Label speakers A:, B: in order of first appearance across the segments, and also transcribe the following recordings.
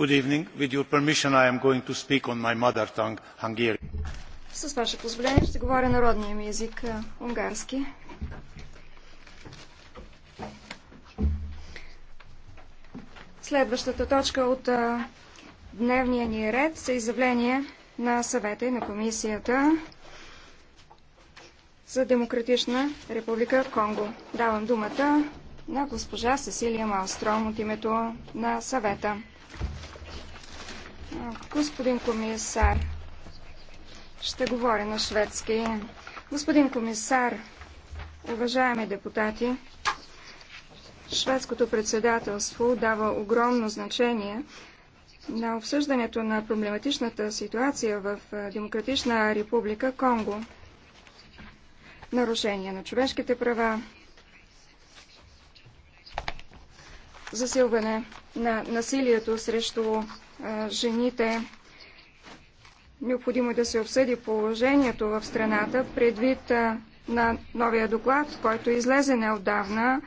A: Good evening. With your permission, I am going to speak on my mother tongue, Hungarian.
B: С ваше позволение ще говоря народния ми език е, унгарски. Следващата точка от е, дневния ни ред са изявление на съвета и на комисията за Демократична република Конго. Давам думата на госпожа Сесилия Малстром от името на съвета. Господин комисар, ще говоря на шведски. Господин комисар, уважаеми депутати, шведското председателство дава огромно значение на обсъждането на проблематичната ситуация в Демократична република Конго. Нарушение на човешките права, засилване на насилието срещу жените. Необходимо е да се обсъди положението в страната предвид на новия доклад, който е излезе неодавна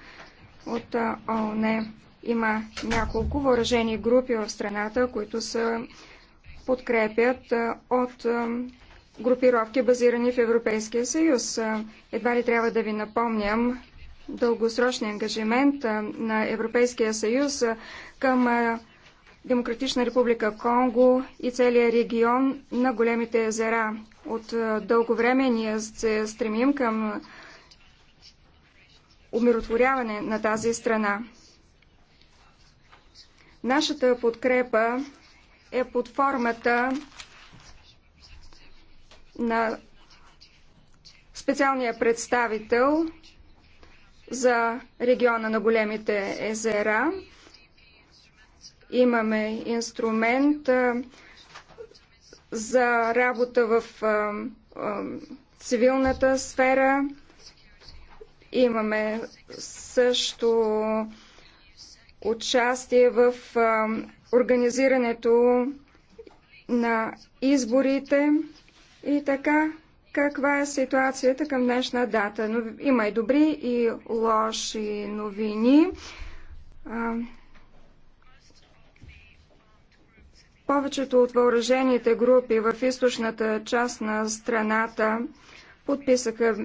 B: от ООН. Има няколко въоръжени групи в страната, които се подкрепят от групировки, базирани в Европейския съюз. Едва ли трябва да ви напомням дългосрочния ангажимент на Европейския съюз към Демократична република Конго и целия регион на големите езера. От е, дълго време ние се стремим към умиротворяване на тази страна. Нашата подкрепа е под формата на специалния представител за региона на големите езера. Имаме инструмент за работа в цивилната сфера. Имаме също участие в организирането на изборите и така каква е ситуацията към днешна дата. Но има и добри и лоши новини. Повечето от въоръжените групи в източната част на страната подписаха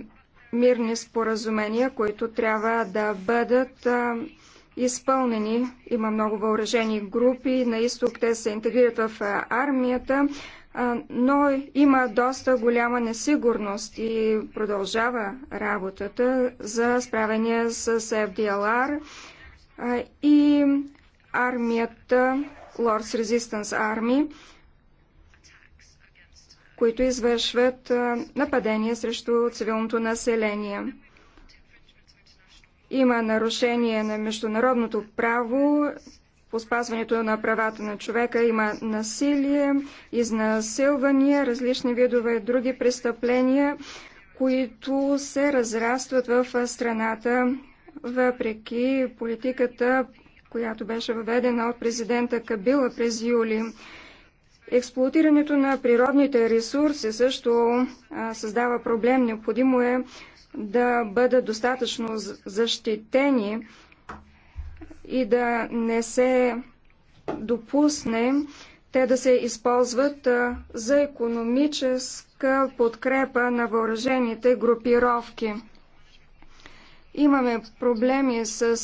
B: мирни споразумения, които трябва да бъдат а, изпълнени. Има много въоръжени групи. На изток те се интегрират в армията, а, но има доста голяма несигурност и продължава работата за справяне с FDLR а, и армията Lords Resistance Army, които извършват нападения срещу цивилното население. Има нарушение на международното право по спазването на правата на човека. Има насилие, изнасилвания, различни видове други престъпления, които се разрастват в страната въпреки политиката която беше въведена от президента Кабила през юли. Експлуатирането на природните ресурси също създава проблем. Необходимо е да бъдат достатъчно защитени и да не се допусне те да се използват за економическа подкрепа на въоръжените групировки. Имаме проблеми с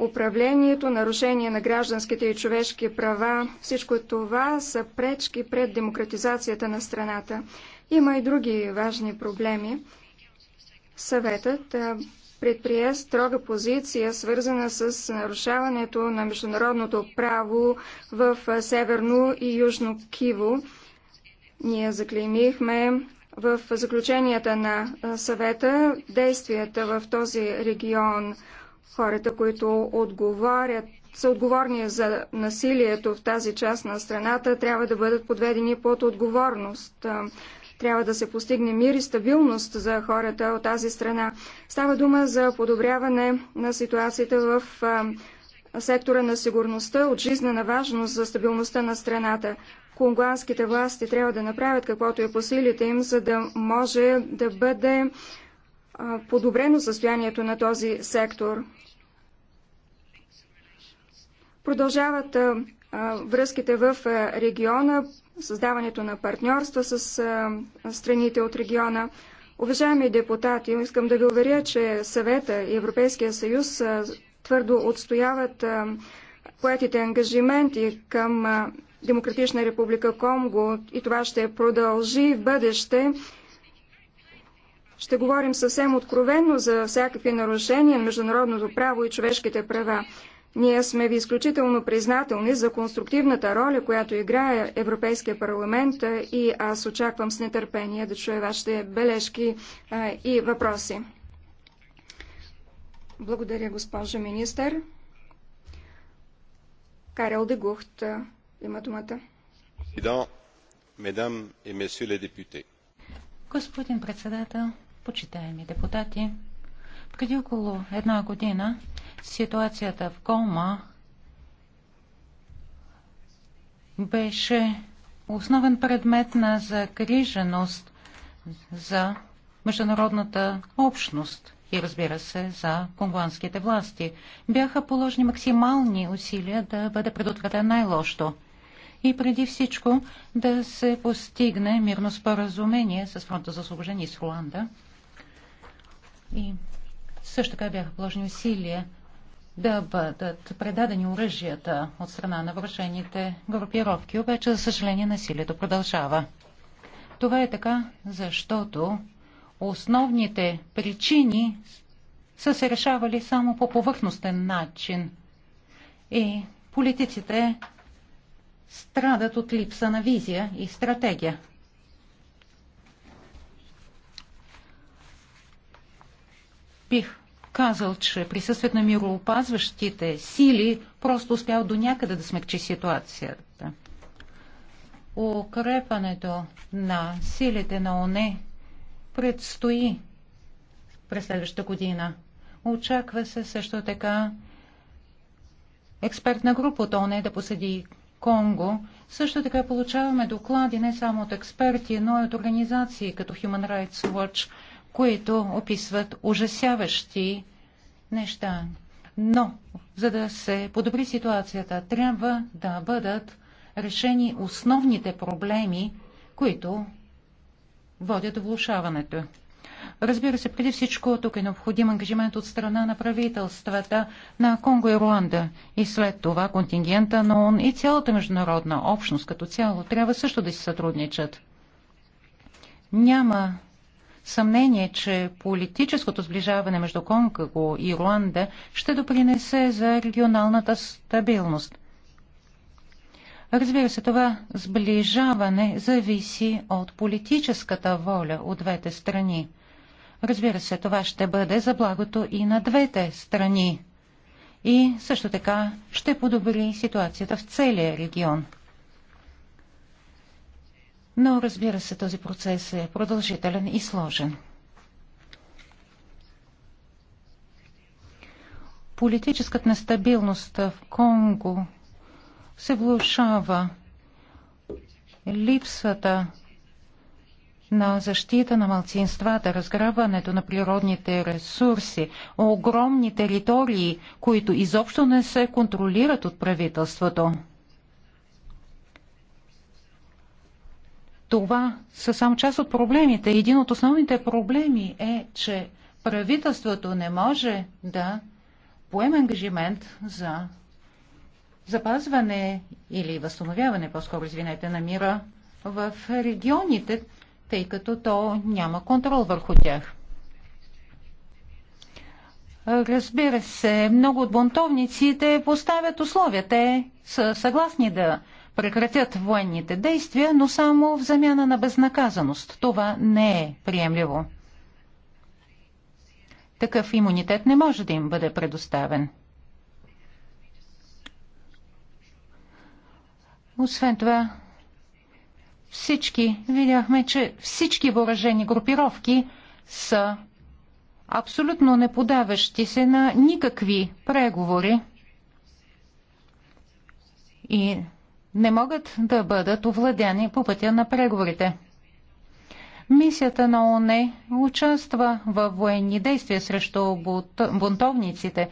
B: управлението, нарушение на гражданските и човешки права. Всичко това са пречки пред демократизацията на страната. Има и други важни проблеми. Съветът предприе строга позиция, свързана с нарушаването на международното право в Северно и Южно Киво. Ние заклеймихме в заключенията на съвета действията в този регион – хората, които отговарят, са отговорни за насилието в тази част на страната, трябва да бъдат подведени под отговорност. Трябва да се постигне мир и стабилност за хората от тази страна. Става дума за подобряване на ситуацията в сектора на сигурността от жизнена важност за стабилността на страната. Конгуанските власти трябва да направят каквото е по силите им, за да може да бъде подобрено състоянието на този сектор. Продължават връзките в региона, създаването на партньорства с страните от региона. Уважаеми депутати, искам да ви уверя, че съвета и Европейския съюз твърдо отстояват поетите ангажименти към Демократична република Конго и това ще продължи в бъдеще ще говорим съвсем откровенно за всякакви нарушения на международното право и човешките права. Ние сме ви изключително признателни за конструктивната роля, която играе Европейския парламент и аз очаквам с нетърпение да чуя вашите бележки и въпроси. Благодаря, госпожа министър. Карел Гухт има думата. Господин
A: председател, почитаеми депутати, преди около една година ситуацията в Кома беше основен предмет на загриженост за международната общност и разбира се за конгуанските власти. Бяха положени максимални усилия да бъде предотвратен най-лошото и преди всичко да се постигне мирно споразумение с фронта за освобождение с Руанда – и също така бяха положени усилия да бъдат предадени оръжията от страна на въоръжените групировки, обаче, за съжаление, насилието продължава. Това е така, защото основните причини са се решавали само по повърхностен начин. И политиците страдат от липса на визия и стратегия. бих казал, че присъствието на мироопазващите сили просто успял до някъде да смекчи ситуацията. Укрепването на силите на ОНЕ предстои през следващата година. Очаква се също така експертна група от ОНЕ да посъди Конго. Също така получаваме доклади не само от експерти, но и от организации като Human Rights Watch – които описват ужасяващи неща. Но, за да се подобри ситуацията, трябва да бъдат решени основните проблеми, които водят до влушаването. Разбира се, преди всичко тук е необходим ангажимент от страна на правителствата на Конго и Руанда. И след това контингента на ООН и цялата международна общност като цяло трябва също да си сътрудничат. Няма съмнение, че политическото сближаване между Конго и Руанда ще допринесе за регионалната стабилност. Разбира се, това сближаване зависи от политическата воля от двете страни. Разбира се, това ще бъде за благото и на двете страни. И също така ще подобри ситуацията в целия регион но разбира се, този процес е продължителен и сложен. Политическата нестабилност в Конго се влушава. Липсата на защита на малцинствата, разграбването на природните ресурси, огромни територии, които изобщо не се контролират от правителството – това са само част от проблемите. Един от основните проблеми е, че правителството не може да поеме ангажимент за запазване или възстановяване, по-скоро извинете, на мира в регионите, тъй като то няма контрол върху тях. Разбира се, много от бунтовниците поставят условия. Те са съгласни да прекратят военните действия, но само в замяна на безнаказаност. Това не е приемливо. Такъв имунитет не може да им бъде предоставен. Освен това, всички видяхме, че всички въоръжени групировки са абсолютно неподаващи се на никакви преговори и не могат да бъдат овладяни по пътя на преговорите. Мисията на ОНЕ участва в военни действия срещу бунтовниците,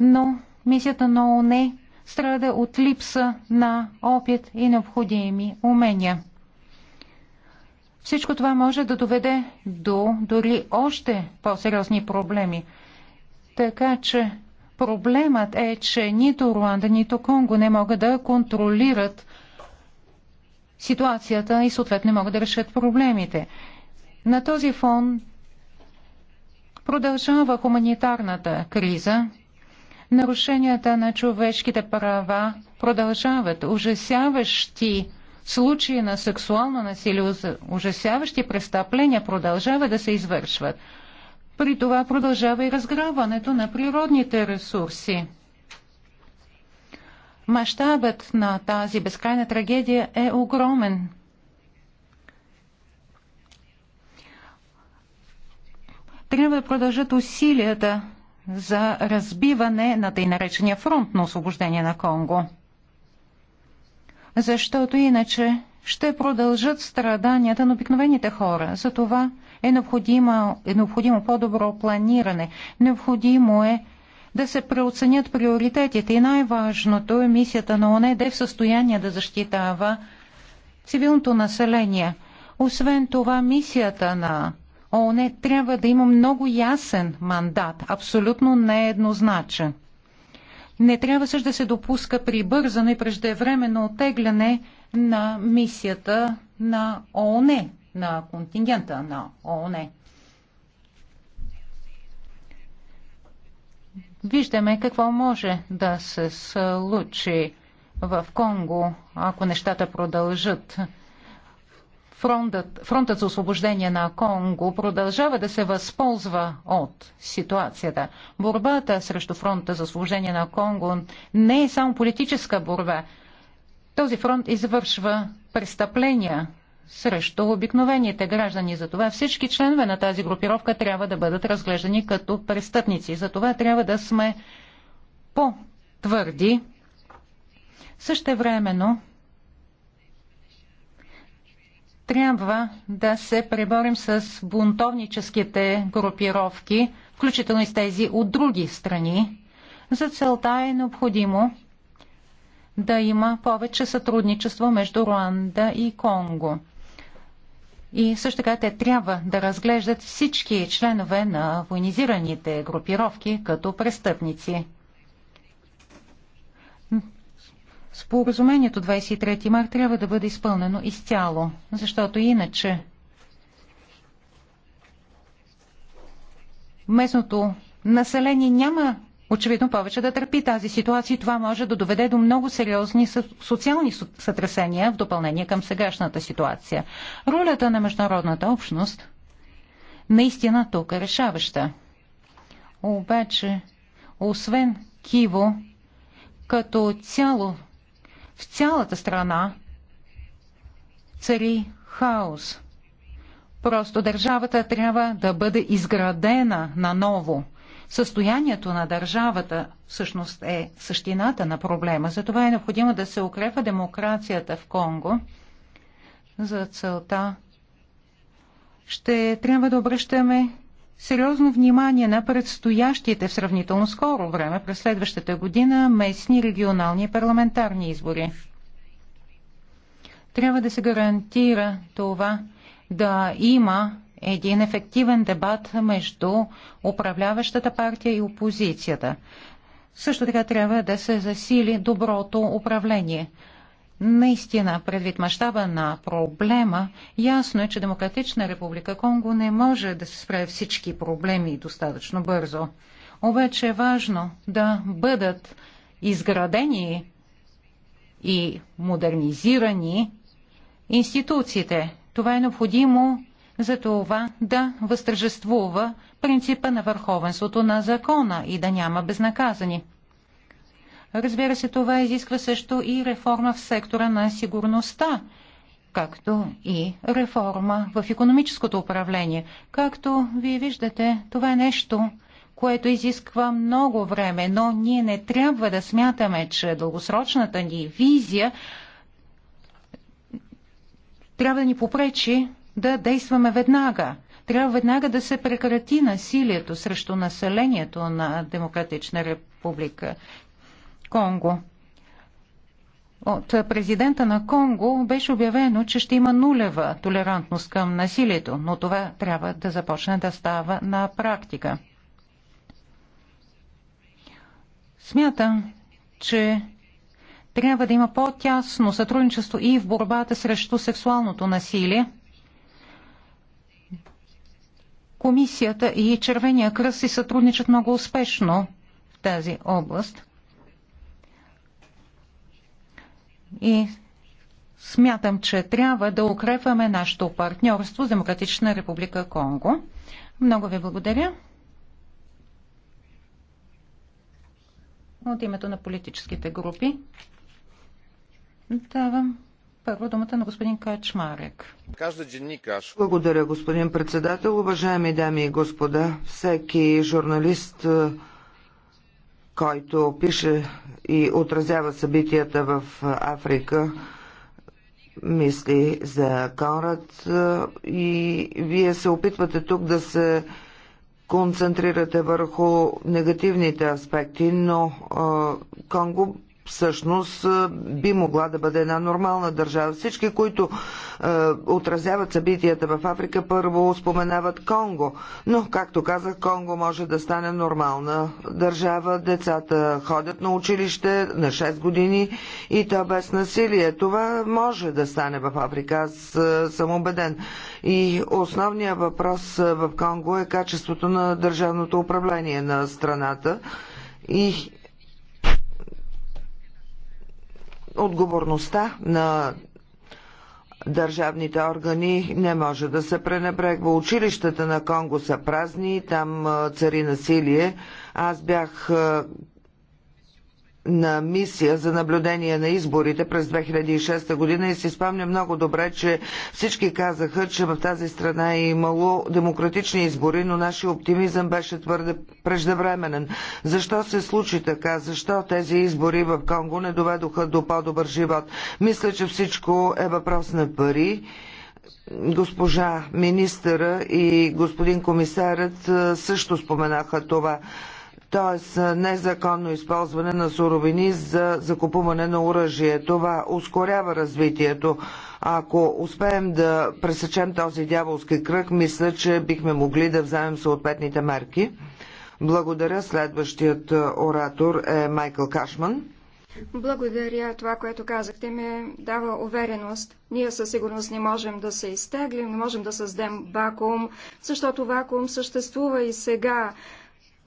A: но мисията на ОНЕ страда от липса на опит и необходими умения. Всичко това може да доведе до дори още по-сериозни проблеми. Така че Проблемът е, че нито Руанда, нито Конго не могат да контролират ситуацията и съответно не могат да решат проблемите. На този фон продължава хуманитарната криза. Нарушенията на човешките права продължават. Ужасяващи случаи на сексуално насилие, ужасяващи престъпления продължават да се извършват. При това продължава и разграбването на природните ресурси. Мащабът на тази безкрайна трагедия е огромен. Трябва да продължат усилията за разбиване на тъй наречения фронт на освобождение на Конго. Защото иначе ще продължат страданията на обикновените хора. Затова е необходимо, е необходимо по-добро планиране. Необходимо е да се преоценят приоритетите и най-важното е мисията на ОНЕ да е в състояние да защитава цивилното население. Освен това, мисията на ОНЕ трябва да има много ясен мандат, абсолютно нееднозначен. Не трябва също да се допуска прибързане и преждевременно отегляне на мисията на ООН, на контингента на ООН. Виждаме какво може да се случи в Конго, ако нещата продължат фронтът, фронтът за освобождение на Конго продължава да се възползва от ситуацията. Борбата срещу фронта за освобождение на Конго не е само политическа борба. Този фронт извършва престъпления срещу обикновените граждани. Затова всички членове на тази групировка трябва да бъдат разглеждани като престъпници. Затова трябва да сме по-твърди. времено. Трябва да се преборим с бунтовническите групировки, включително и с тези от други страни. За целта е необходимо да има повече сътрудничество между Руанда и Конго. И също така те трябва да разглеждат всички членове на войнизираните групировки като престъпници. Споразумението 23 март трябва да бъде изпълнено изцяло, защото иначе местното население няма очевидно повече да търпи тази ситуация и това може да доведе до много сериозни социални сътресения в допълнение към сегашната ситуация. Ролята на международната общност наистина тук е решаваща. Обаче, освен Киво, като цяло в цялата страна цари хаос. Просто държавата трябва да бъде изградена наново. Състоянието на държавата всъщност е същината на проблема. Затова е необходимо да се укрепва демокрацията в Конго. За целта ще трябва да обръщаме сериозно внимание на предстоящите в сравнително скоро време, през следващата година, местни, регионални и парламентарни избори. Трябва да се гарантира това да има един ефективен дебат между управляващата партия и опозицията. Също така трябва да се засили доброто управление. Наистина, предвид мащаба на проблема, ясно е, че Демократична република Конго не може да се справи всички проблеми достатъчно бързо. Обаче е важно да бъдат изградени и модернизирани институциите. Това е необходимо за това да възтържествува принципа на върховенството на закона и да няма безнаказани. Разбира се, това изисква също и реформа в сектора на сигурността, както и реформа в економическото управление. Както вие виждате, това е нещо, което изисква много време, но ние не трябва да смятаме, че дългосрочната ни визия трябва да ни попречи да действаме веднага. Трябва веднага да се прекрати насилието срещу населението на Демократична република Конго. От президента на Конго беше обявено, че ще има нулева толерантност към насилието, но това трябва да започне да става на практика. Смятам, че трябва да има по-тясно сътрудничество и в борбата срещу сексуалното насилие. Комисията и Червения кръст си сътрудничат много успешно в тази област – И смятам, че трябва да укрепваме нашето партньорство с Демократична република Конго. Много ви благодаря. От името на политическите групи давам първо
C: думата на господин Качмарек. Благодаря, господин председател. Уважаеми дами и господа, всеки журналист който пише и отразява събитията в Африка, мисли за Конрад и вие се опитвате тук да се концентрирате върху негативните аспекти, но Конго всъщност би могла да бъде една нормална държава. Всички, които е, отразяват събитията в Африка, първо споменават Конго. Но, както казах, Конго може да стане нормална държава. Децата ходят на училище на 6 години и то без насилие. Това може да стане в Африка. Аз съм убеден. И основният въпрос в Конго е качеството на държавното управление на страната. И отговорността на държавните органи не може да се пренебрегва. Училищата на Конго са празни, там цари насилие. Аз бях на мисия за наблюдение на изборите през 2006 година и си спомня много добре, че всички казаха, че в тази страна е имало демократични избори, но нашия оптимизъм беше твърде преждевременен. Защо се случи така? Защо тези избори в Конго не доведоха до по-добър живот? Мисля, че всичко е въпрос на пари госпожа министъра и господин комисарът също споменаха това т.е. незаконно използване на суровини за закупуване на оръжие. Това ускорява развитието. Ако успеем да пресечем този дяволски кръг, мисля, че бихме могли да вземем съответните мерки. Благодаря. Следващият е, оратор е Майкъл Кашман.
B: Благодаря. Това, което казахте, ми е дава увереност. Ние със сигурност не можем да се изтеглим, не можем да създадем вакуум, защото вакуум съществува и сега.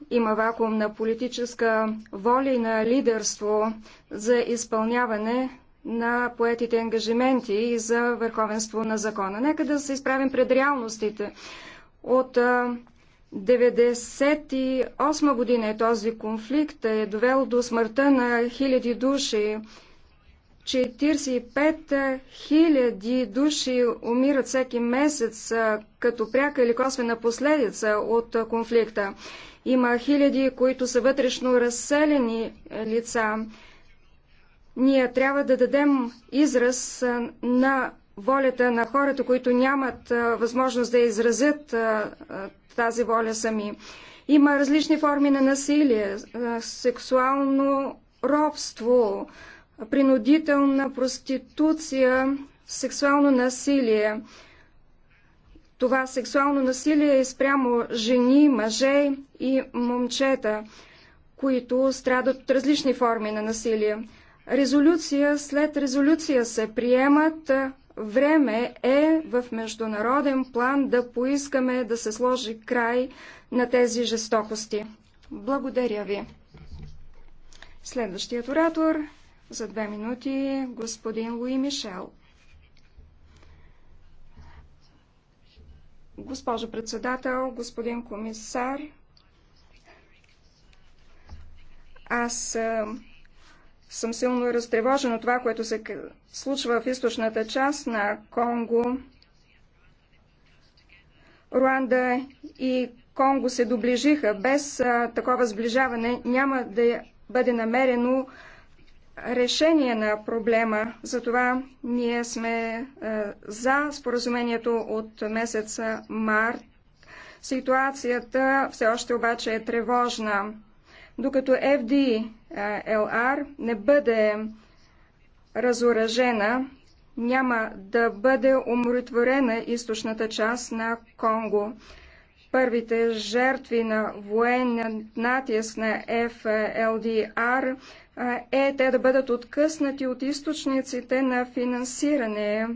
B: Има вакуум на политическа воля и на лидерство за изпълняване на поетите ангажименти и за върховенство на закона. Нека да се изправим пред реалностите. От 1998 година е този конфликт е довел до смъртта на хиляди души. 45 хиляди души умират всеки месец като пряка или косвена последица от конфликта. Има хиляди, които са вътрешно разселени е, лица. Ние трябва да дадем израз е, на волята на хората, които нямат е, възможност да изразят тази воля сами. Има различни форми на насилие, сексуално робство, принудителна проституция, сексуално насилие това сексуално насилие е спрямо жени, мъже и момчета, които страдат от различни форми на насилие. Резолюция след резолюция се приемат. Време е в международен план да поискаме да се сложи край на тези жестокости. Благодаря ви. Следващият оратор за две минути господин Луи Мишел. Госпожо председател, господин комисар, аз съм силно разтревожен от това, което се случва в източната част на Конго. Руанда и Конго се доближиха. Без такова сближаване няма да бъде намерено решение на проблема. Затова ние сме е, за споразумението от месеца март. Ситуацията все още обаче е тревожна. Докато FDLR е, не бъде разоръжена, няма да бъде умротворена източната част на Конго. Първите жертви на военен натиск на FLDR е те да бъдат откъснати от източниците на финансиране.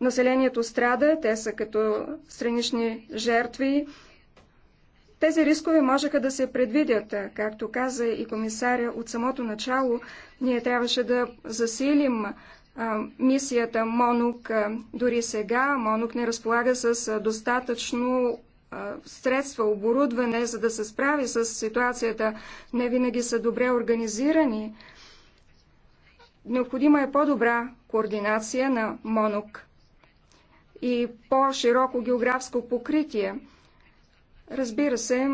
B: Населението страда, те са като странични жертви. Тези рискове можеха да се предвидят. Както каза и комисаря от самото начало, ние трябваше да засилим мисията МОНУК. Дори сега МОНУК не разполага с достатъчно средства, оборудване, за да се справи с ситуацията, не винаги са добре организирани. Необходима е по-добра координация на МОНОК и по-широко географско покритие. Разбира се,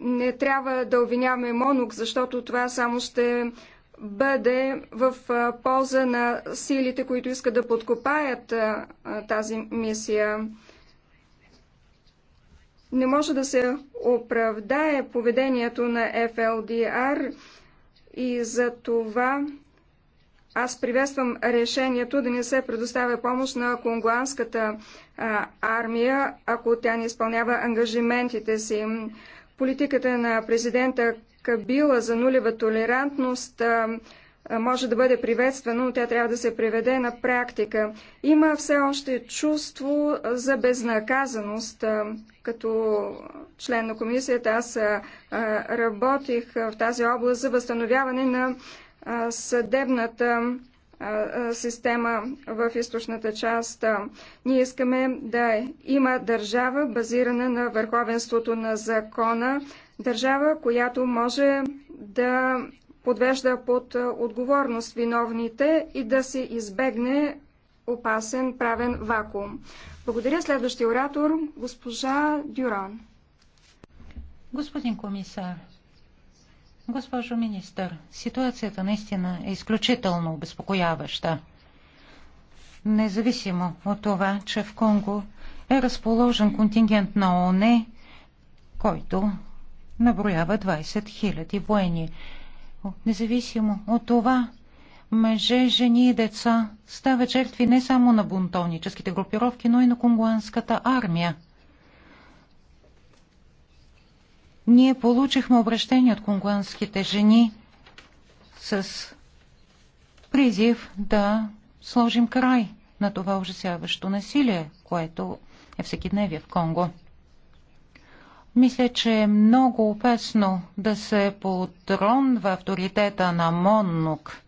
B: не трябва да обвиняваме МОНОК, защото това само ще бъде в полза на силите, които искат да подкопаят тази мисия не може да се оправдае поведението на ФЛДР и за това аз приветствам решението да не се предоставя помощ на конгуанската армия, ако тя не изпълнява ангажиментите си. Политиката на президента Кабила за нулева толерантност а, може да бъде приветствана, но тя трябва да се приведе на практика. Има все още чувство за безнаказаност. Като член на комисията аз работих в тази област за възстановяване на съдебната система в източната част. Ние искаме да има държава, базирана на върховенството на закона, държава, която може да подвежда под отговорност виновните и да се избегне опасен правен вакуум. Благодаря следващия оратор, госпожа Дюран.
A: Господин комисар, госпожо министър, ситуацията наистина е изключително обезпокояваща. Независимо от това, че в Конго е разположен контингент на ОНЕ, който наброява 20 000 воени независимо от това, мъже, жени и деца стават жертви не само на бунтовническите групировки, но и на конгуанската армия. Ние получихме обращение от конгуанските жени с призив да сложим край на това ужасяващо насилие, което е всекидневие в Конго. Мисля, че е много опасно да се подронва авторитета на Моннук.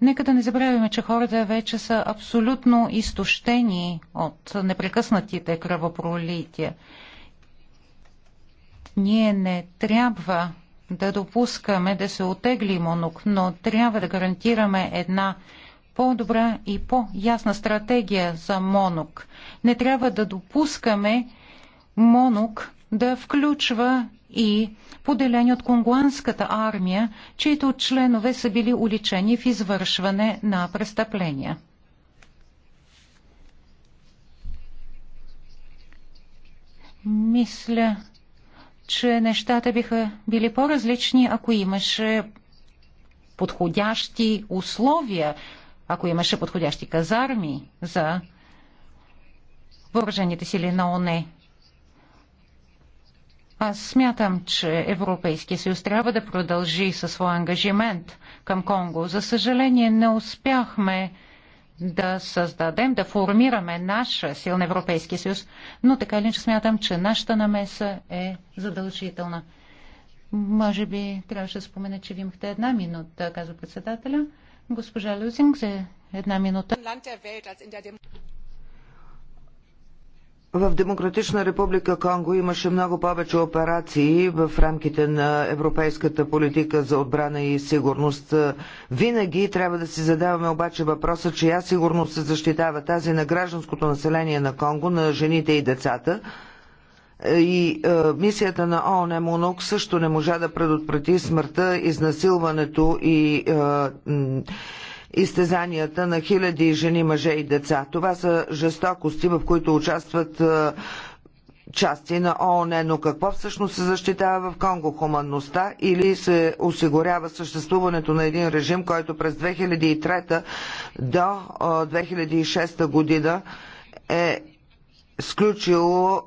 A: Нека да не забравяме, че хората вече са абсолютно изтощени от непрекъснатите кръвопролития. Ние не трябва да допускаме да се отегли Монук, но трябва да гарантираме една по-добра и по-ясна стратегия за Монук. Не трябва да допускаме Монук да включва и поделени от конгуанската армия, чието членове са били уличени в извършване на престъпления. Мисля, че нещата биха били по-различни, ако имаше подходящи условия, ако имаше подходящи казарми за въоръжените сили на ОНЕ. Аз смятам, че Европейския съюз трябва да продължи със своя ангажимент към Конго. За съжаление, не успяхме да създадем, да формираме наша силна Европейски съюз, но така ли, че смятам, че нашата намеса е задължителна. Може би трябваше да спомена, че ви имахте една минута, казва председателя. Госпожа Люзинг за една минута.
C: В Демократична република Конго имаше много повече операции в рамките на европейската политика за отбрана и сигурност. Винаги трябва да си задаваме обаче въпроса, чия сигурност се защитава тази на гражданското население на Конго, на жените и децата. И е, мисията на ООН е Монок също не можа да предотврати смъртта, изнасилването и е, изтезанията на хиляди жени, мъже и деца. Това са жестокости, в които участват е, части на ООН, но какво всъщност се защитава в Конго? Хуманността или се осигурява съществуването на един режим, който през 2003 до 2006 е, година е сключило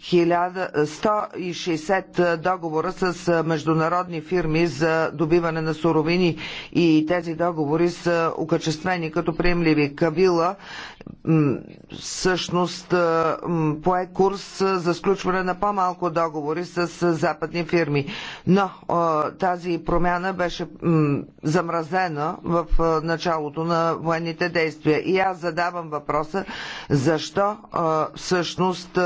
C: 160 договора с международни фирми за добиване на суровини и тези договори са окачествени като приемливи. Кавила всъщност пое курс за сключване на по-малко договори с западни фирми. Но тази промяна беше замразена в началото на военните действия. И аз задавам въпроса защо всъщност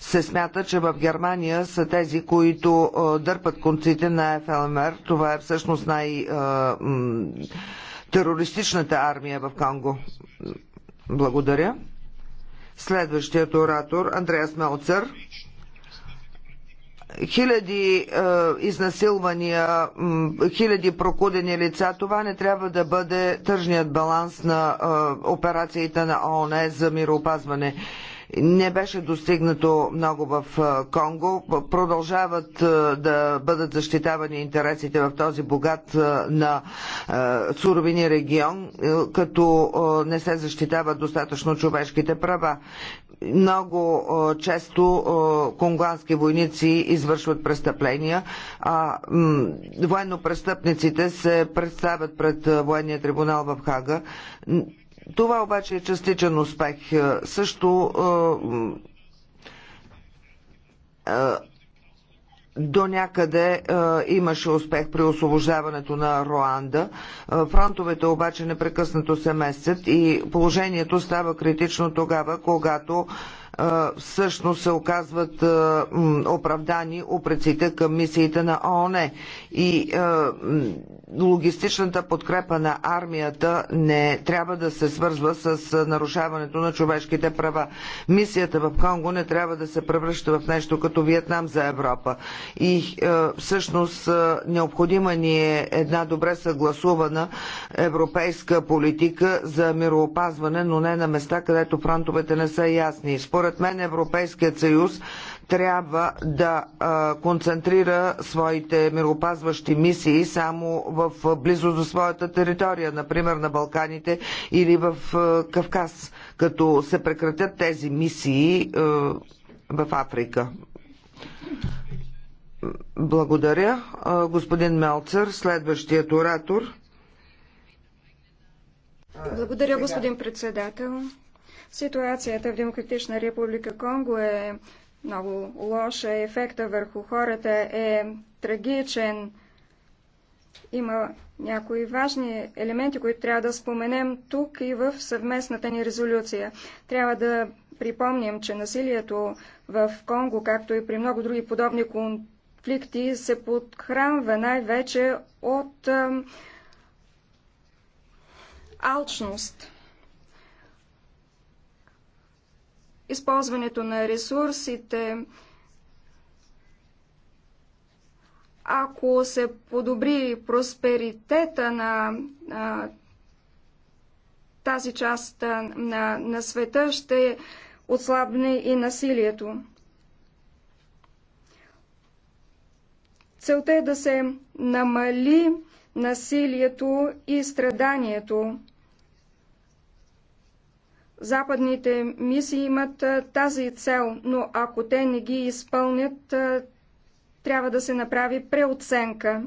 C: се смята, че в Германия са тези, които дърпат конците на ФЛМР. Това е всъщност най- терористичната армия в Конго. Благодаря. Следващият оратор Андреас Мелцер хиляди е, изнасилвания, хиляди прокудени лица, това не трябва да бъде тържният баланс на е, операциите на ООН за мироопазване не беше достигнато много в Конго. Продължават да бъдат защитавани интересите в този богат на суровини регион, като не се защитават достатъчно човешките права. Много често конгуански войници извършват престъпления, а военно престъпниците се представят пред военния трибунал в Хага. Това обаче е частичен успех. Е, също е, е, до някъде е, имаше успех при освобождаването на Руанда. Е, фронтовете обаче непрекъснато се местят и положението става критично тогава, когато е, всъщност се оказват оправдани упреците към мисиите на ООН. И логистичната подкрепа на армията не трябва да се свързва с нарушаването на човешките права. Мисията в Конго не трябва да се превръща в нещо като Виетнам за Европа. И всъщност необходима ни е една добре съгласувана европейска политика за мироопазване, но не на места, където фронтовете не са ясни. Според според мен Европейският съюз трябва да концентрира своите миропазващи мисии само в близо до своята територия, например на Балканите или в Кавказ, като се прекратят тези мисии в Африка. Благодаря. Господин Мелцер, следващият оратор.
B: Благодаря, господин председател. Ситуацията в Демократична република Конго е много лоша, ефекта върху хората е трагичен. Има някои важни елементи, които трябва да споменем тук и в съвместната ни резолюция. Трябва да припомним, че насилието в Конго, както и при много други подобни конфликти, се подхранва най-вече от ам, алчност. използването на ресурсите, ако се подобри просперитета на а, тази част на, на света, ще отслабне и насилието. Целта е да се намали насилието и страданието. Западните мисии имат тази цел, но ако те не ги изпълнят, трябва да се направи преоценка.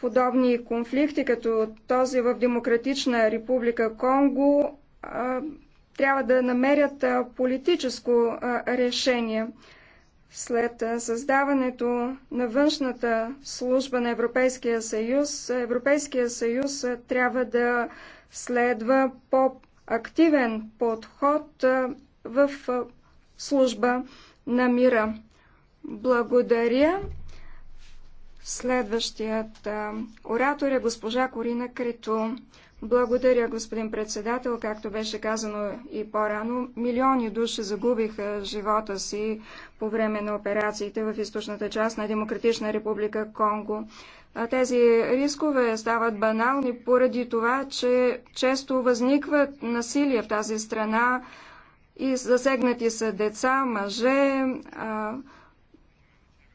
B: Подобни конфликти, като този в Демократична република Конго, трябва да намерят политическо решение. След създаването на външната служба на Европейския съюз, Европейския съюз трябва да следва по активен подход в служба на мира. Благодаря. Следващият оратор е госпожа Корина Крито. Благодаря, господин председател. Както беше казано и по-рано, милиони души загубиха живота си по време на операциите в източната част на Демократична република Конго. Тези рискове стават банални поради това, че често възникват насилие в тази страна и засегнати са деца, мъже,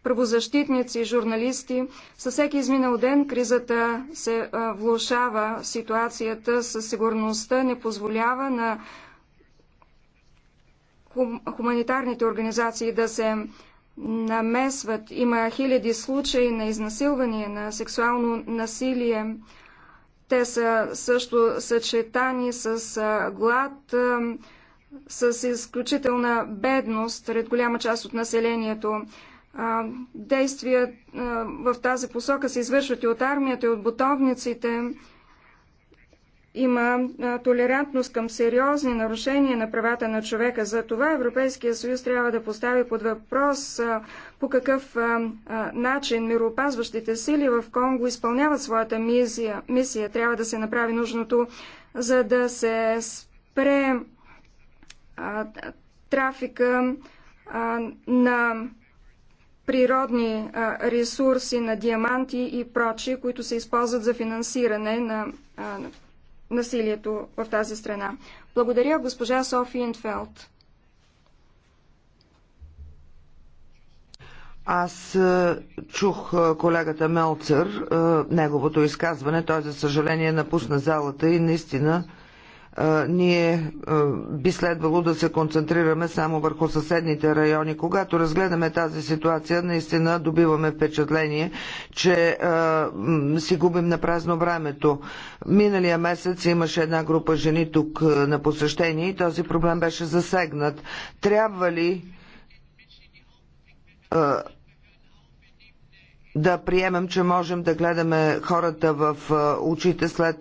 B: правозащитници, журналисти. Със всеки изминал ден кризата се влушава, ситуацията със сигурността не позволява на хуманитарните организации да се намесват. Има хиляди случаи на изнасилване, на сексуално насилие. Те са също съчетани с глад, с изключителна бедност сред голяма част от населението. Действия в тази посока се извършват и от армията, и от бутовниците има толерантност към сериозни нарушения на правата на човека. За това Европейския съюз трябва да постави под въпрос по какъв начин мироопазващите сили в Конго изпълняват своята мисия. мисия. Трябва да се направи нужното, за да се спре трафика на природни ресурси, на диаманти и прочие, които се използват за финансиране на насилието в тази страна. Благодаря госпожа Софи Инфелд.
C: Аз е, чух е, колегата Мелцер, е, неговото изказване. Той, за съжаление, напусна залата и наистина ние би следвало да се концентрираме само върху съседните райони. Когато разгледаме тази ситуация, наистина добиваме впечатление, че си губим на празно времето. Миналия месец имаше една група жени тук на посещение и този проблем беше засегнат. Трябва ли да приемем, че можем да гледаме хората в очите след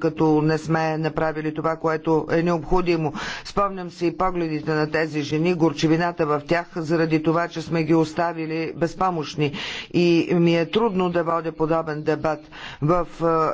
C: като не сме направили това, което е необходимо. Спомням си и погледите на тези жени, горчевината в тях, заради това, че сме ги оставили безпомощни. И ми е трудно да водя подобен дебат. В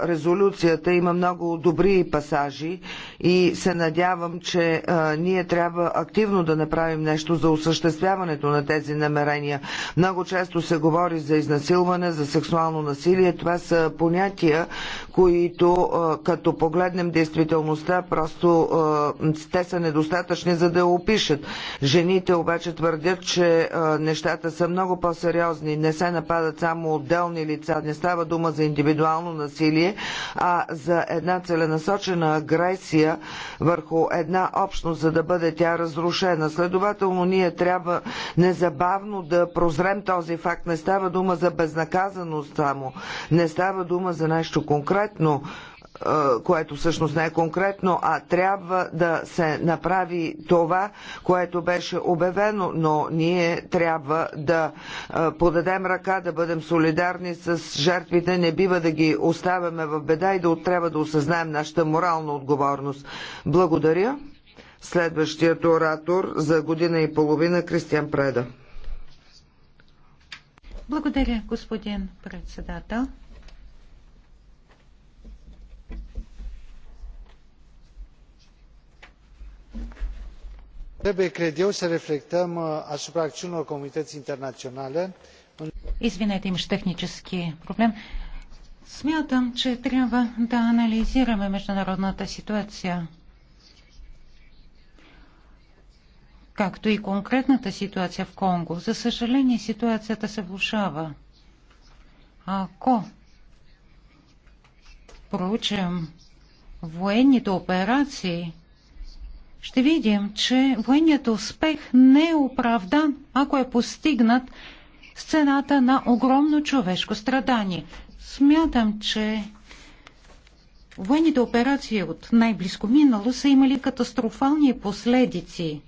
C: резолюцията има много добри пасажи и се надявам, че ние трябва активно да направим нещо за осъществяването на тези намерения. Много често се говори за изнасилване изнасилване, за сексуално насилие. Това са понятия, които като погледнем действителността, просто те са недостатъчни за да я опишат. Жените обаче твърдят, че нещата са много по-сериозни. Не се нападат само отделни лица. Не става дума за индивидуално насилие, а за една целенасочена агресия върху една общност, за да бъде тя разрушена. Следователно, ние трябва незабавно да прозрем този факт. Не става дума за без безнаказаност само. Не става дума за нещо конкретно което всъщност не е конкретно, а трябва да се направи това, което беше обявено, но ние трябва да подадем ръка, да бъдем солидарни с жертвите, не бива да ги оставяме в беда и да трябва да осъзнаем нашата морална отговорност. Благодаря. Следващият оратор за година и половина Кристиан Преда.
A: Благодаря, господин председател.
C: trebuie cred eu să reflectăm uh, asupra acțiunilor comunității internaționale.
A: Извинете, имаш технически проблем. Смятам, че трябва да анализираме международната ситуация. както и конкретната ситуация в Конго. За съжаление, ситуацията се влушава. Ако проучим военните операции, ще видим, че военният успех не е оправдан, ако е постигнат с цената на огромно човешко страдание. Смятам, че военните операции от най-близко минало са имали катастрофални последици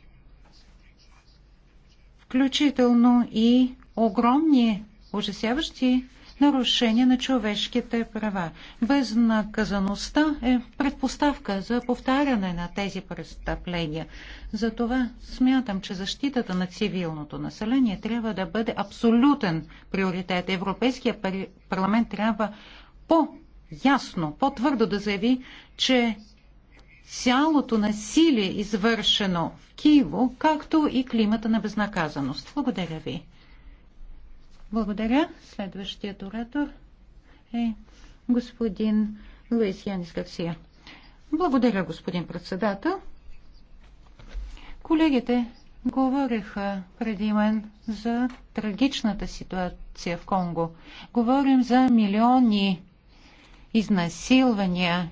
A: включително и огромни ужасяващи нарушения на човешките права. Безнаказаността е предпоставка за повтаряне на тези престъпления. Затова смятам, че защитата на цивилното население трябва да бъде абсолютен приоритет. Европейския парламент трябва по-ясно, по-твърдо да заяви, че цялото насилие, извършено в Киево, както и климата на безнаказаност. Благодаря ви. Благодаря. Следващият оратор е господин Луис Янис Гарсия. Благодаря, господин председател. Колегите говориха преди мен за трагичната ситуация в Конго. Говорим за милиони изнасилвания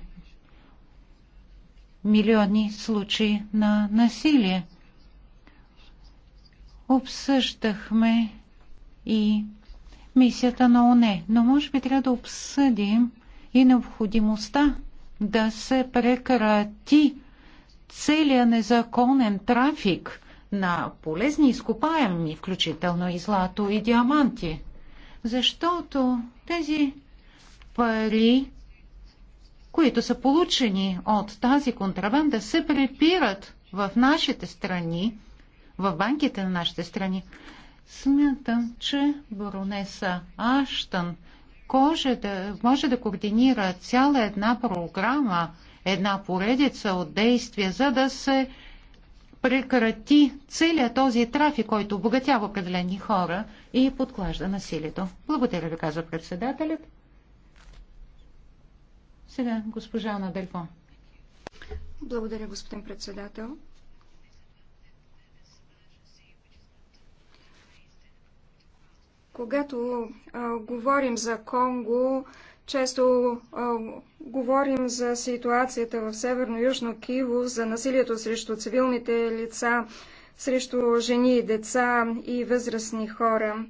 A: милиони случаи на насилие. Обсъждахме и мисията на ОНЕ, но може би трябва да обсъдим и необходимостта да се прекрати целият незаконен трафик на полезни изкопаеми, включително и злато и диаманти. Защото тези пари които са получени от тази контрабанда, се препират в нашите страни, в банките на нашите страни. Смятам, че баронеса Аштън може да, може да координира цяла една програма, една поредица от действия, за да се прекрати целият този трафик, който обогатява определени хора и подклажда насилието. Благодаря ви, каза председателят. Сега госпожа Ана Дельфо.
B: Благодаря, господин председател. Когато а, говорим за Конго, често а, говорим за ситуацията в Северно-Южно Киво, за насилието срещу цивилните лица, срещу жени и деца и възрастни хора.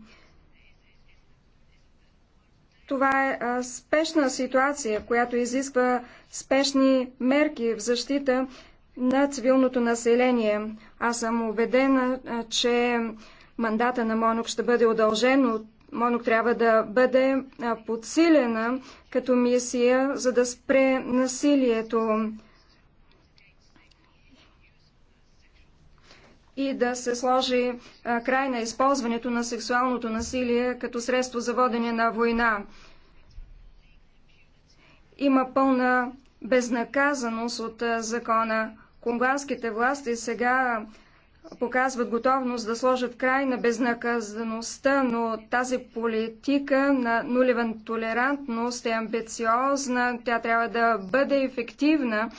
B: Това е спешна ситуация, която изисква спешни мерки в защита на цивилното население. Аз съм убедена, че мандата на МОНОК ще бъде удължен. МОНОК трябва да бъде подсилена като мисия, за да спре насилието. и да се сложи край на използването на сексуалното насилие като средство за водене на война. Има пълна безнаказаност от закона. Конганските власти сега показват готовност да сложат край на безнаказаността, но тази политика на нулева толерантност е амбициозна, тя трябва да бъде ефективна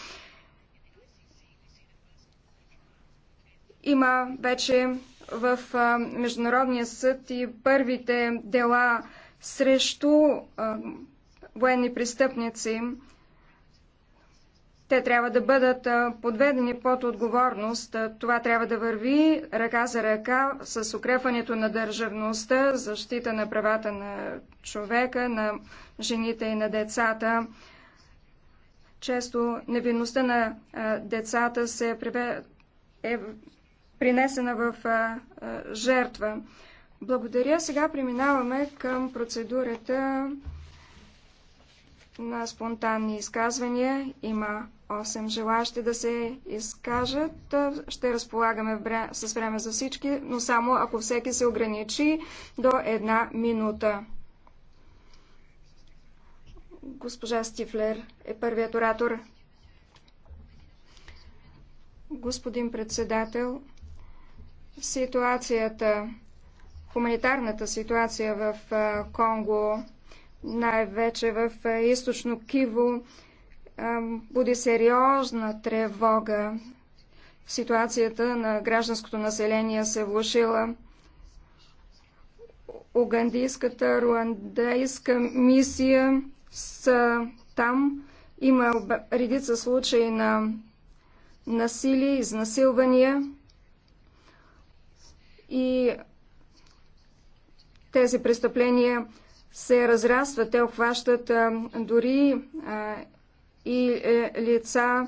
B: Има вече в Международния съд и първите дела срещу военни престъпници. Те трябва да бъдат подведени под отговорност. Това трябва да върви ръка за ръка с укрепването на държавността, защита на правата на човека, на жените и на децата. Често невинността на децата се е принесена в жертва. Благодаря. Сега преминаваме към процедурата на спонтанни изказвания. Има 8 желащи да се изкажат. Ще разполагаме с време за всички, но само ако всеки се ограничи до една минута. Госпожа Стифлер е първият оратор. Господин председател, ситуацията, хуманитарната ситуация в Конго, най-вече в източно Киво, буди сериозна тревога. Ситуацията на гражданското население се е влушила. Угандийската, руандейска мисия са там. Има редица случаи на насилие, изнасилвания и тези престъпления се разрастват. Те обхващат дори и е, лица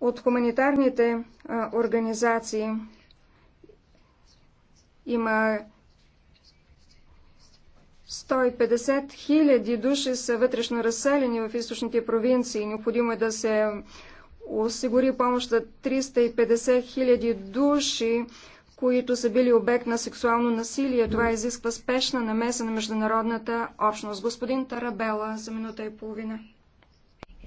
B: от хуманитарните организации. Има 150 хиляди души са вътрешно разселени в източните провинции. Необходимо е да се осигури помощ за 350 хиляди души които са били обект на сексуално насилие. Това изисква спешна намеса на международната общност. Господин Тарабела, за минута и половина.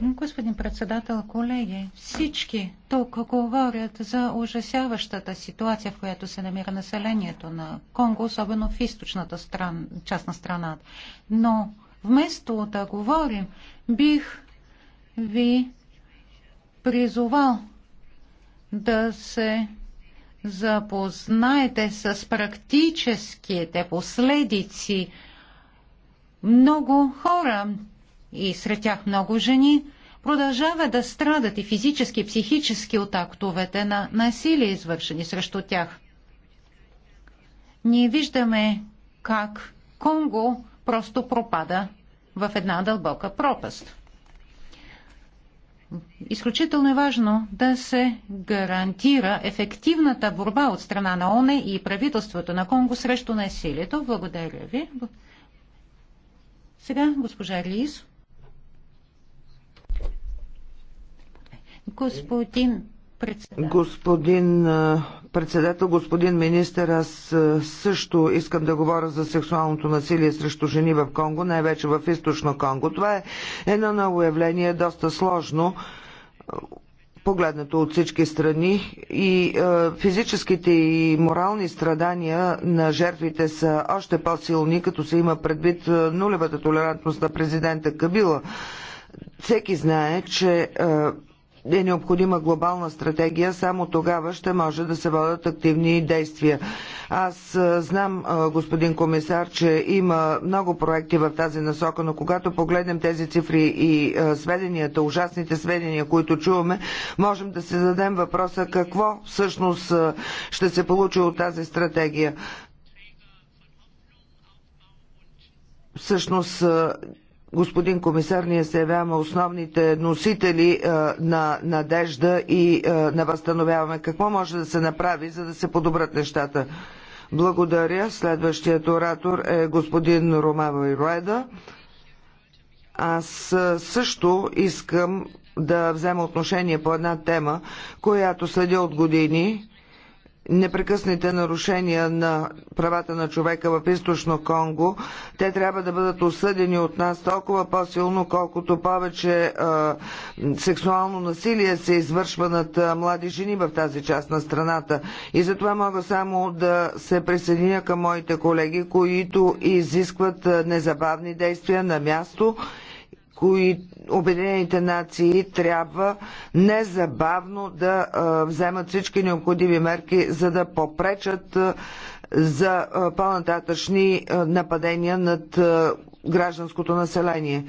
A: Господин председател, колеги, всички тук говорят за ужасяващата ситуация, в която се намира населението на Конго, особено в източната стран, част на страната. Но вместо да говорим, бих ви призовал да се запознаете с практическите последици. Много хора, и сред тях много жени, продължават да страдат и физически, и психически от актовете на насилие, извършени срещу тях. Ние виждаме как Конго просто пропада в една дълбока пропаст. Изключително е важно да се гарантира ефективната борба от страна на ОНЕ и правителството на Конго срещу насилието. Благодаря ви. Сега госпожа Лиз.
C: Господин председател. Господин председател, господин министър, аз също искам да говоря за сексуалното насилие срещу жени в Конго, най-вече в източно Конго. Това е едно ново явление, доста сложно погледнато от всички страни и физическите и морални страдания на жертвите са още по-силни, като се има предвид нулевата толерантност на президента Кабила. Всеки знае, че е необходима глобална стратегия, само тогава ще може да се водят активни действия. Аз знам, господин комисар, че има много проекти в тази насока, но когато погледнем тези цифри и сведенията, ужасните сведения, които чуваме, можем да се зададем въпроса какво всъщност ще се получи от тази стратегия. Всъщност господин комисар, ние се явяваме основните носители е, на надежда и е, на възстановяване. Какво може да се направи, за да се подобрат нещата? Благодаря. Следващият оратор е господин Рома Ироеда. Аз е, също искам да взема отношение по една тема, която следя от години непрекъсните нарушения на правата на човека в източно Конго, те трябва да бъдат осъдени от нас толкова по-силно, колкото повече а, сексуално насилие се извършва над а, млади жени в тази част на страната. И затова мога само да се присъединя към моите колеги, които изискват незабавни действия на място кои Обединените нации трябва незабавно да вземат всички необходими мерки, за да попречат за по-нататъчни нападения над гражданското население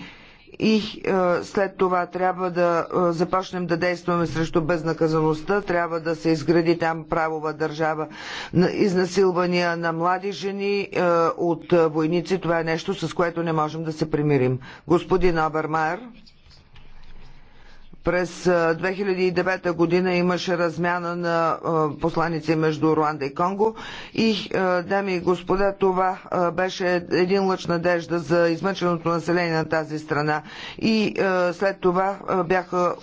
C: и е, след това трябва да е, започнем да действаме срещу безнаказаността, трябва да се изгради там правова държава. Изнасилвания на млади жени е, от войници, това е нещо, с което не можем да се примирим. Господин Обермайер. През 2009 година имаше размяна на посланици между Руанда и Конго и, дами и господа, това беше един лъч надежда за измъченото население на тази страна. И след това бяха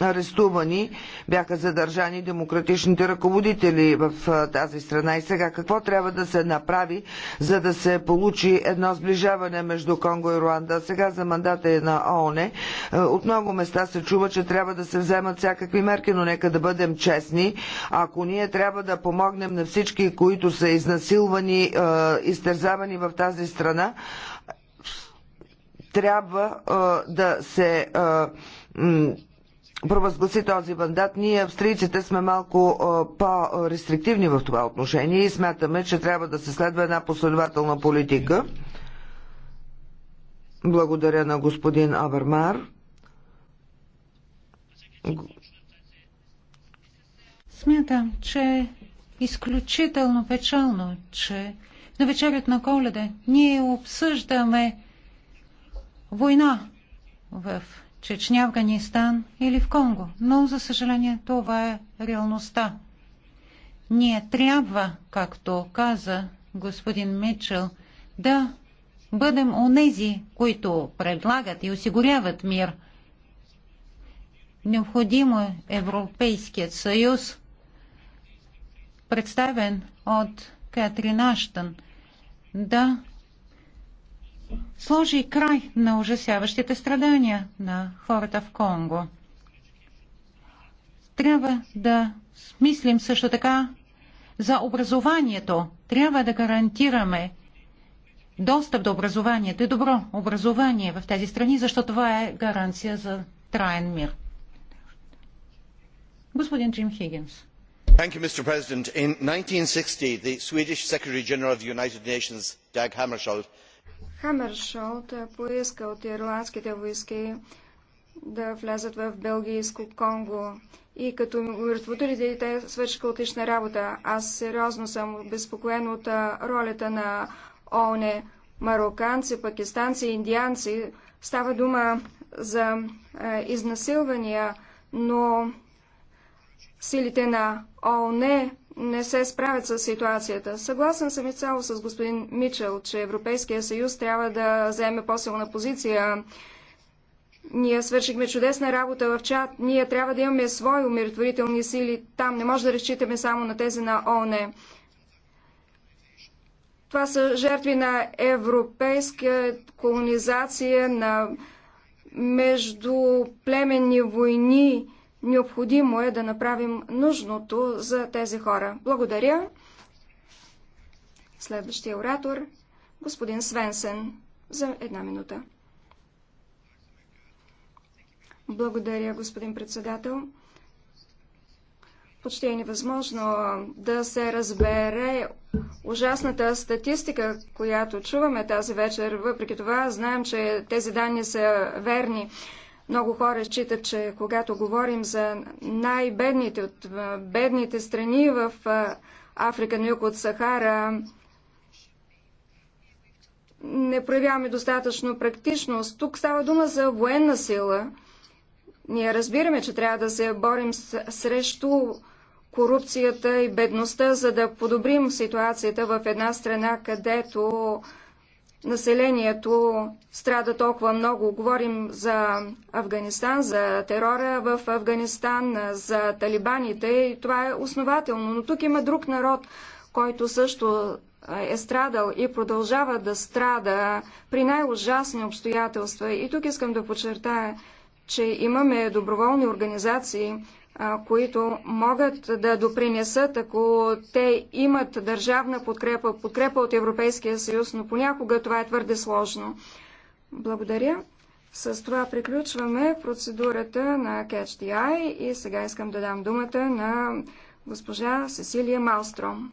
C: арестувани, бяха задържани демократичните ръководители в тази страна. И сега какво трябва да се направи, за да се получи едно сближаване между Конго и Руанда? Сега за мандата е на ООН. Е, от много места се чува, че трябва да се вземат всякакви мерки, но нека да бъдем честни. Ако ние трябва да помогнем на всички, които са изнасилвани, е, изтързавани в тази страна, трябва е, да се провъзгласи този мандат, ние австрийците сме малко по-рестриктивни в това отношение и смятаме, че трябва да се следва една последователна политика. Благодаря на господин Авермар.
A: Смятам, че е изключително печално, че на вечерят на коледа ние обсъждаме война в Чечня, Афганистан или в Конго. Но, за съжаление, това е реалността. Ние трябва, както каза господин Мичел, да бъдем онези, които предлагат и осигуряват мир. Необходимо е Европейският съюз, представен от Катрин Аштън, да сложи край на ужасяващите страдания на хората в Конго. Трябва да смислим също така за образованието. Трябва да гарантираме достъп до образованието и добро образование в тези страни, защото това е гаранция за траен мир. Господин Джим Хигинс.
C: mr president in 1960, the swedish secretary general of the united nations dag hammarskjöld
B: Хамершолт е, поиска от ирландските войски да влязат в Белгийско Конго. И като миротворителите те свършиха отлична работа. Аз сериозно съм обезпокоен от е, ролята на ООН. Мароканци, пакистанци, индианци. Става дума за е, изнасилвания, но силите на ООН не се справят с ситуацията. Съгласен съм изцяло с господин Мичел, че Европейския съюз трябва да вземе по-силна позиция. Ние свършихме чудесна работа в чат. Ние трябва да имаме свои умиротворителни сили там. Не може да разчитаме само на тези на ООН. Това са жертви на европейска колонизация, на междуплеменни войни, Необходимо е да направим нужното за тези хора. Благодаря. Следващия оратор, господин Свенсен, за една минута. Благодаря, господин председател. Почти е невъзможно да се разбере ужасната статистика, която чуваме тази вечер. Въпреки това, знаем, че тези данни са верни. Много хора считат, че когато говорим за най-бедните от бедните страни в Африка на юг от Сахара, не проявяваме достатъчно практичност. Тук става дума за военна сила. Ние разбираме, че трябва да се борим срещу корупцията и бедността, за да подобрим ситуацията в една страна, където населението страда толкова много. Говорим за Афганистан, за терора в Афганистан, за талибаните и това е основателно. Но тук има друг народ, който също е страдал и продължава да страда при най-ужасни обстоятелства. И тук искам да подчертая, че имаме доброволни организации, които могат да допринесат, ако те имат държавна подкрепа, подкрепа от Европейския съюз, но понякога това е твърде сложно. Благодаря. С това приключваме процедурата на Catch the Eye и сега искам да дам думата на госпожа Сесилия Малстром.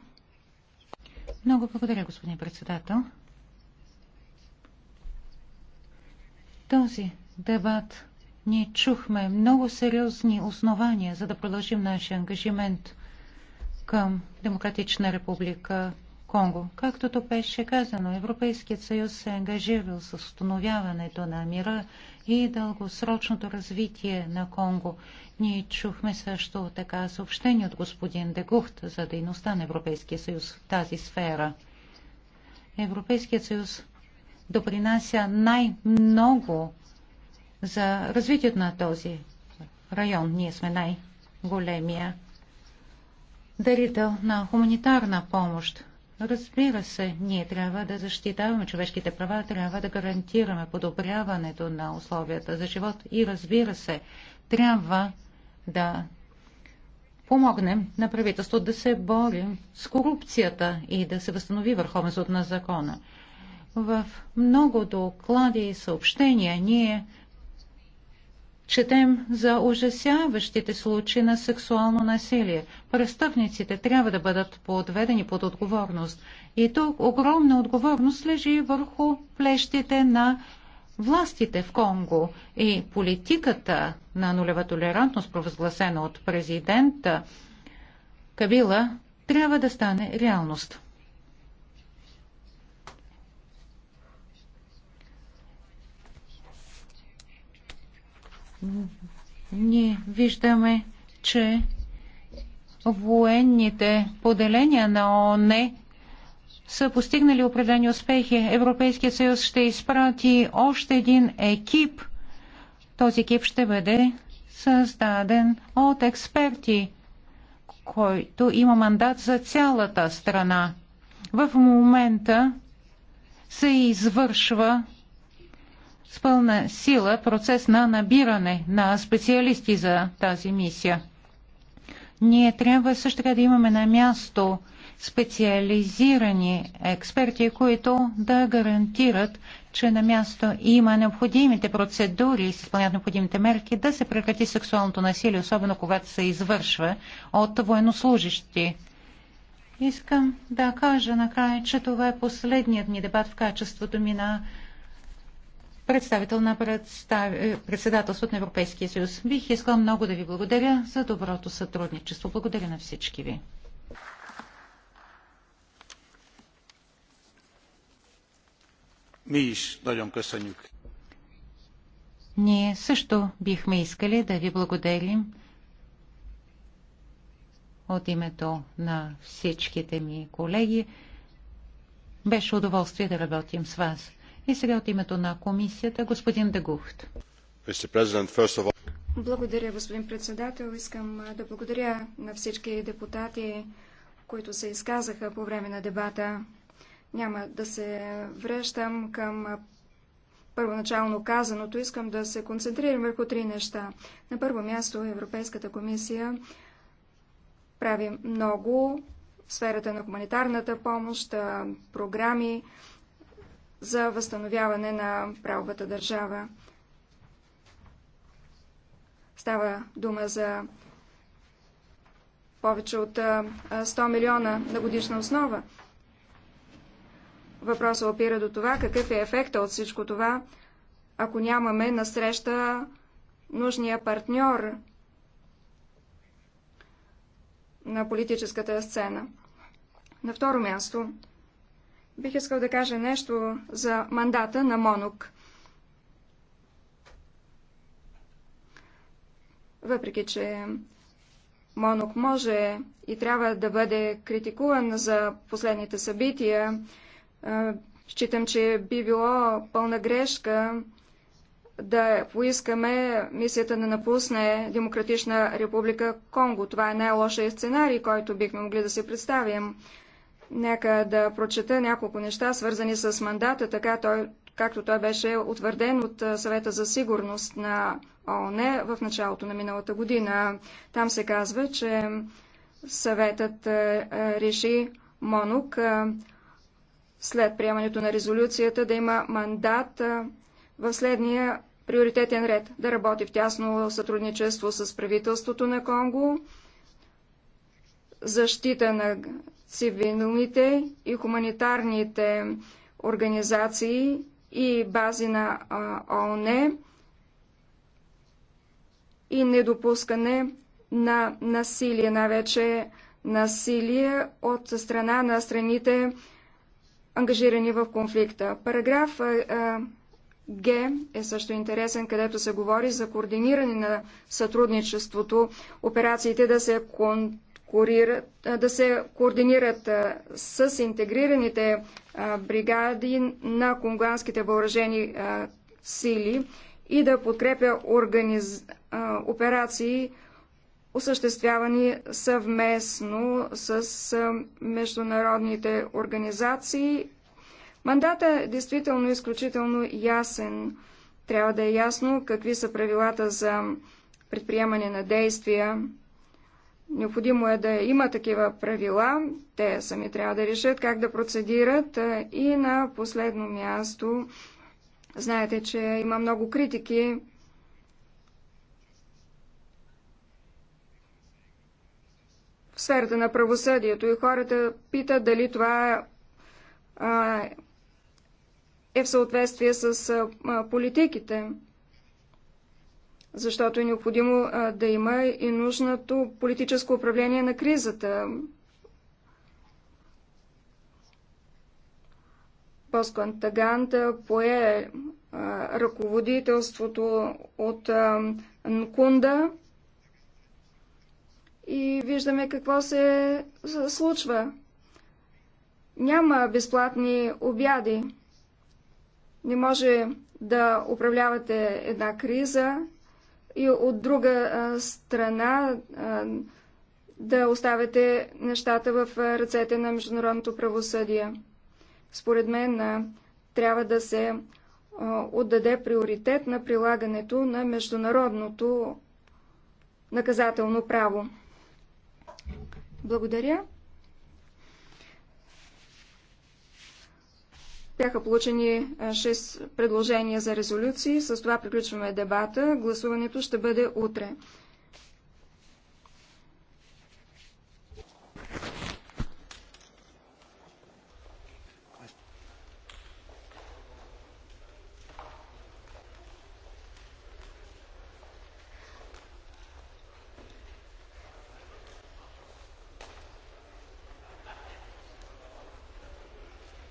A: Много благодаря, господин председател. Този дебат ние чухме много сериозни основания, за да продължим нашия ангажимент към Демократична република Конго. Както то беше казано, Европейският съюз се е ангажирал с установяването на мира и дългосрочното развитие на Конго. Ние чухме също така съобщение от господин Дегухт за дейността на Европейския съюз в тази сфера. Европейският съюз допринася най-много за развитието на този район. Ние сме най-големия дарител на хуманитарна помощ. Разбира се, ние трябва да защитаваме човешките права, трябва да гарантираме подобряването на условията за живот и разбира се, трябва да помогнем на правителството да се бори с корупцията и да се възстанови върховенството на закона. В много доклади и съобщения ние Четем за ужасяващите случаи на сексуално насилие. Престъпниците трябва да бъдат подведени под отговорност. И тук огромна отговорност лежи върху плещите на властите в Конго и политиката на нулева толерантност, провъзгласена от президента Кабила, трябва да стане реалност. ние виждаме, че военните поделения на ООН са постигнали определени успехи. Европейският съюз ще изпрати още един екип. Този екип ще бъде създаден от експерти, който има мандат за цялата страна. В момента се извършва с пълна сила процес на набиране на специалисти за тази мисия. Ние трябва също така да имаме на място специализирани експерти, които да гарантират, че на място има необходимите процедури и се изпълняват необходимите мерки да се прекрати сексуалното насилие, особено когато се извършва от военнослужащи. Искам да кажа накрая, че това е последният ни дебат в качеството ми на представител на е, председателството на Европейския съюз. Бих искал много да ви благодаря за доброто сътрудничество. Благодаря на всички ви. Ние също бихме искали да ви благодарим от името на всичките ми колеги. Беше удоволствие да работим с вас. И сега от името на комисията господин Дегухт.
B: Благодаря, господин председател. Искам да благодаря на всички депутати, които се изказаха по време на дебата. Няма да се връщам към първоначално казаното. Искам да се концентрирам върху три неща. На първо място Европейската комисия прави много в сферата на хуманитарната помощ, програми, за възстановяване на правовата държава. Става дума за повече от 100 милиона на годишна основа. Въпросът опира до това какъв е ефекта от всичко това, ако нямаме насреща нужния партньор на политическата сцена. На второ място, Бих искал да кажа нещо за мандата на Монок. Въпреки, че Монок може и трябва да бъде критикуван за последните събития, считам, че би било пълна грешка да поискаме мисията да напусне Демократична република Конго. Това е най-лошия сценарий, който бихме могли да се представим. Нека да прочета няколко неща, свързани с мандата, така той, както той беше утвърден от съвета за сигурност на ООН в началото на миналата година. Там се казва, че съветът реши МОНУК след приемането на резолюцията да има мандат в следния приоритетен ред да работи в тясно сътрудничество с правителството на Конго, защита на цивилните и хуманитарните организации и бази на ООН и недопускане на насилие, най-вече насилие от страна на страните, ангажирани в конфликта. Параграф Г е също интересен, където се говори за координиране на сътрудничеството, операциите да се контролират да се координират с интегрираните бригади на конганските въоръжени сили и да подкрепя организ... операции, осъществявани съвместно с международните организации. Мандата е действително изключително ясен. Трябва да е ясно какви са правилата за предприемане на действия Необходимо е да има такива правила, те сами трябва да решат как да процедират и на последно място знаете, че има много критики в сферата на правосъдието и хората питат дали това е в съответствие с политиките защото е необходимо да има и нужното политическо управление на кризата. Поскон Таганта пое ръководителството от Нкунда и виждаме какво се случва. Няма безплатни обяди. Не може да управлявате една криза и от друга страна да оставяте нещата в ръцете на международното правосъдие. Според мен трябва да се отдаде приоритет на прилагането на международното наказателно право. Благодаря. Бяха получени 6 е, предложения за резолюции. С това приключваме дебата. Гласуването ще бъде утре.